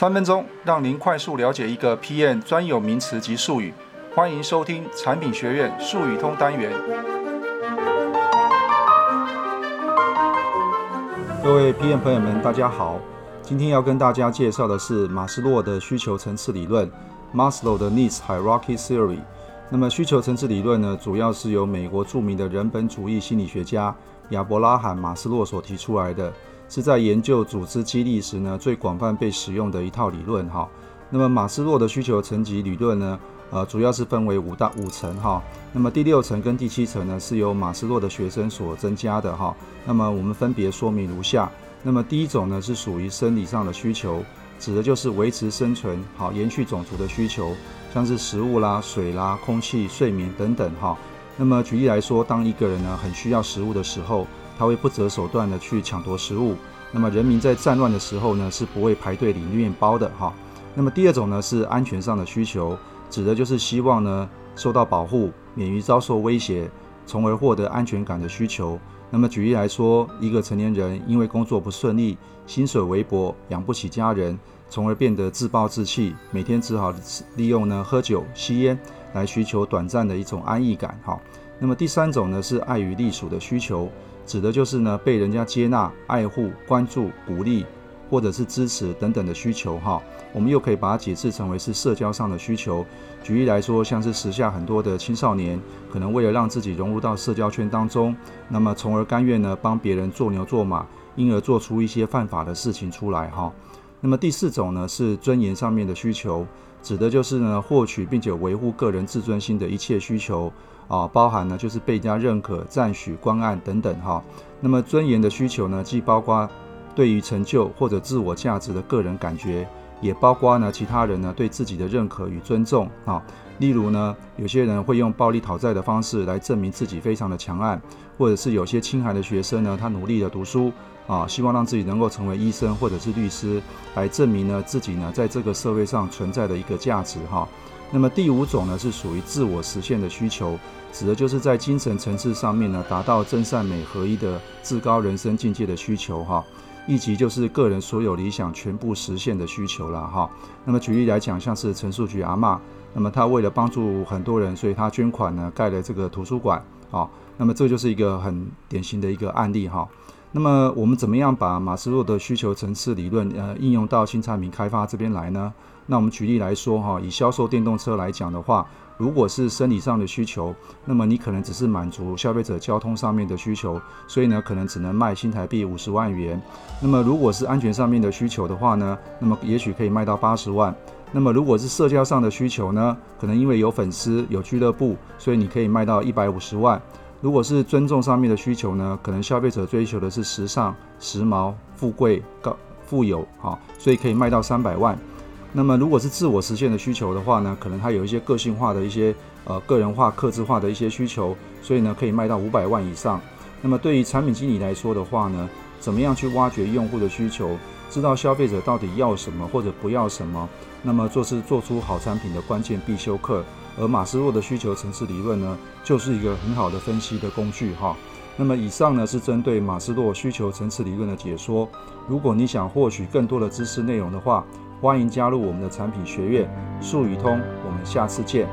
三分鐘讓您快速了解一個 PM 專有名詞及術語，歡迎收聽產品學院術語通單元。各位 PM 朋友們，大家好，今天要跟大家介紹的是馬斯洛的需求層次理論，Maslow 的 Needs Hierarchy Theory。那麼需求層次理論呢，主要是由美國著名的人本主義心理學家亞伯拉罕·馬斯洛所提出來的。是在研究組織激勵時呢，最廣泛被使用的一套理論哈。那麼馬斯洛的需求層級理論呢，呃，主要是分為五大五層哈。那麼第六層跟第七層呢，是由馬斯洛的學生所增加的哈。那麼我們分別說明如下。那麼第一種呢，是屬於生理上的需求，指的就是維持生存、好延續種族的需求，像是食物啦、水啦、空氣、睡眠等等哈。那麼舉例來說，當一個人呢，很需要食物的時候。他會不擇手段地去搶奪食物。那麼人民在戰亂的時候呢，是不會排隊領麵包的哈。那麼第二種呢，是安全上的需求，指的就是希望呢受到保護，免於遭受威脅，從而獲得安全感的需求。那麼舉例來說，一個成年人因為工作不順利，薪水微薄，養不起家人，從而變得自暴自棄，每天只好利用呢喝酒、吸煙來尋求短暫的一種安逸感哈。那麼第三種呢，是愛與隸屬的需求。指的就是呢，被人家接納、愛護、關注、鼓勵，或者是支持等等的需求哈。我們又可以把它解釋成為是社交上的需求。舉例來說，像是時下很多的青少年，可能為了讓自己融入到社交圈當中，那麼從而甘願呢幫別人做牛做馬，因而做出一些犯法的事情出來哈。那麼第四種呢，是尊嚴上面的需求。指的就是呢，獲取並且維護個人自尊心的一切需求啊，包含呢就是被人家認可、讚許、關愛等等哈、哦。那麼尊嚴的需求呢，既包括對於成就或者自我價值的個人感覺，也包括呢其他人呢對自己的認可與尊重啊、哦。例如呢，有些人會用暴力討債的方式來證明自己非常的強悍，或者是有些清寒的學生呢，他努力的讀書。啊，希望讓自己能夠成為醫生或者是律師，來證明呢自己呢在這個社會上存在的一個價值哈。那麼第五種呢是屬於自我實現的需求，指的就是在精神層次上面呢達到真善美合一的至高人生境界的需求哈。以及就是個人所有理想全部實現的需求了哈。那麼舉例來講，像是陳樹菊阿嬤，那麼她為了幫助很多人，所以她捐款呢蓋了這個圖書館啊。那麼這就是一個很典型的一個案例哈。那麼我們怎麼樣把馬斯洛的需求層次理論，呃，應用到新產品開發這邊來呢？那我們舉例來說哈，以銷售電動車來講的話，如果是生理上的需求，那麼你可能只是滿足消費者交通上面的需求，所以呢，可能只能賣新台幣五十萬元。那麼如果是安全上面的需求的話呢，那麼也許可以賣到八十萬。那麼如果是社交上的需求呢，可能因為有粉絲、有俱樂部，所以你可以賣到一百五十萬。如果是尊重上面的需求呢，可能消費者追求的是時尚、時髦、富貴、高富有，哈、哦，所以可以賣到三百萬。那麼如果是自我實現的需求的話呢，可能它有一些個性化的一些呃個人化、客製化的一些需求，所以呢，可以賣到五百萬以上。那麼對於產品經理來說的話呢，怎麼樣去挖掘用戶的需求，知道消費者到底要什麼或者不要什麼，那麼做是做出好產品的關鍵必修課。而馬斯洛的需求層次理論呢，就是一個很好的分析的工具哈。那麼以上呢是針對馬斯洛需求層次理論的解說。如果你想獲取更多的知識內容的話，歡迎加入我們的產品學院術語通。我們下次見。